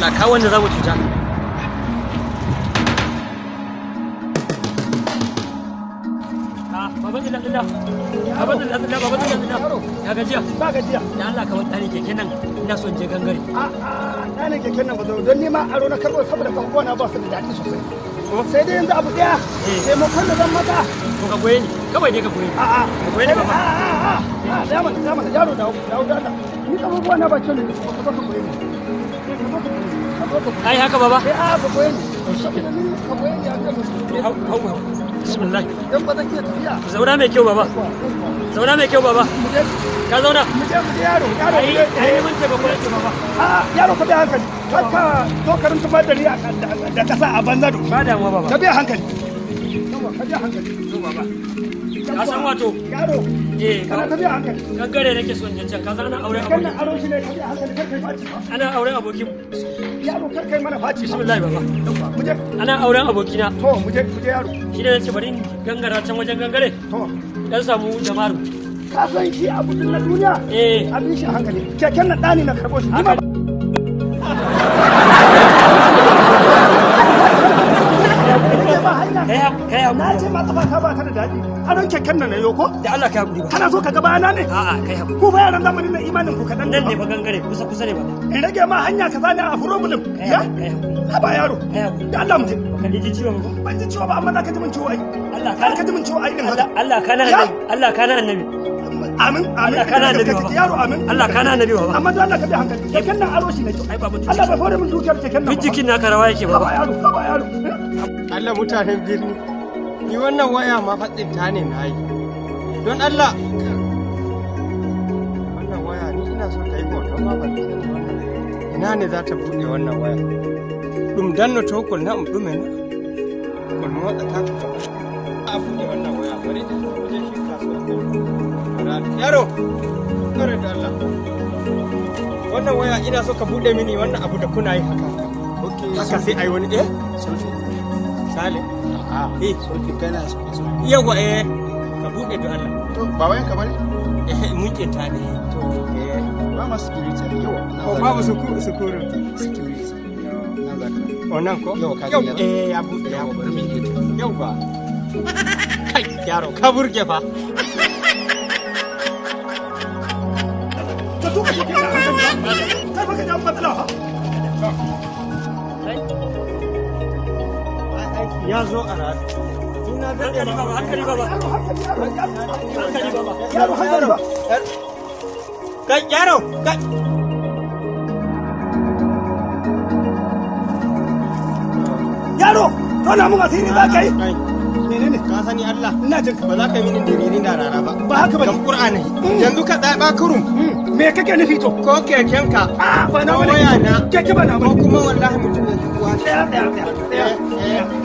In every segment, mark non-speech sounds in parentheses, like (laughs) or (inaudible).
na kawo wanda za mu cuta ah, Babaji da Allah, babaji da Allah, babaji da Allah. Ya gajiya? Ba gajiya. Da Allah ka wani ne keke nan ina son je gangare. A'a, ne keke nan ba zai don nema aro na karɓo saboda kankuwa na ba su da daɗi sosai. Sai dai yanzu abu ɗaya, eh. taimakon da zan mata. To ka goye ni, kawai dai ka goye ni. a, ka goye ni ba a, a, a'a, a'a, da mana, da mana, yaro dawo, dawo da Allah. Ni abubuwa na ba ce ne, ba ka goye ni. ai haka baba eh, ah, a oh, eh, zauna mai kyau baba zauna mai kyau baba ka zauna yaro yaro ba ah, yaro ka bi hankali kaka to karin tumar da riya da kasa a banza do ba damuwa baba ka hankali ka hankali baba ka san wato yaro eh ka bi hankali gaggare nake son yancan ka zana aure abokin ana aure abokin yaro kar kai mana faci bismillah baba muje ana auren abokina to muje muje yaro shi ne bari gangara can wajen gangare to dan samu jama'ar ka san shi abu na duniya eh abin shi hankali keken na dani na karbo shi daɗi aron keken nan yau ko da Allah ba kana so ka ga bayana ne a'a kai ku yaran zamanin nan imanin ku kadan nan ne ba gangare kusa kusa ne ba in rage ma hanya ka zani a problem ya ha ba yaro da Allah mutum ka ji ciwo ba ban ji ciwo ba amma za ka ji min ciwo ai Allah ka ji min ciwo ai din Allah ka na annabi Allah ka na annabi amin amin Allah kana annabi ba yaro amin Allah kana annabi ba amma dan Allah ka bi hankali keken nan aro shi ne ai babu Allah ba fara min dukiyar nan yake ba ba yaro ba yaro Allah mutanen birni ni wannan waya ma fatsin ne na yi don Allah wannan waya ni ina so ta yi hoton ma ba ina ne za ta buɗe wannan waya ɗum na to kulna na ɗume na kun motsa ta ta a buɗe wannan waya bari ta zo wajen shi kasuwa yaro kare da Allah wannan waya ina so ka buɗe mini wannan abu da kuna yi haka haka sai yi wani eh sale eh sofi kana sofi yawa eh ka bude da Allah to ba wai ka bari eh ne to eh ba ma security yawa ko ba ma security security oh, ko yawa eh ya bari yi (laughs) kai yaro ka burge fa ka (laughs) tuka shi zo a yaro hankali na mun asiri za ka yi menene ka sani Allah ina jin ba za ka yi mini da rara ba ba haka bane dan Qur'ani mm. yanzu ka da ba kurum mm. me kake nufi to ko keken ka a ah, ba na bane keke ba na bane ko kuma wallahi mutum ne kuwa tsaya tsaya tsaya eh, eh.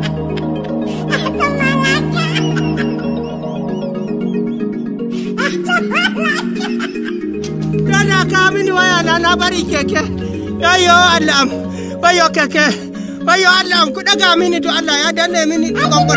mini waya na na bari keke ayyo Allah am bayo keke bayo Allah am ku daga mini to Allah ya danne mini gongo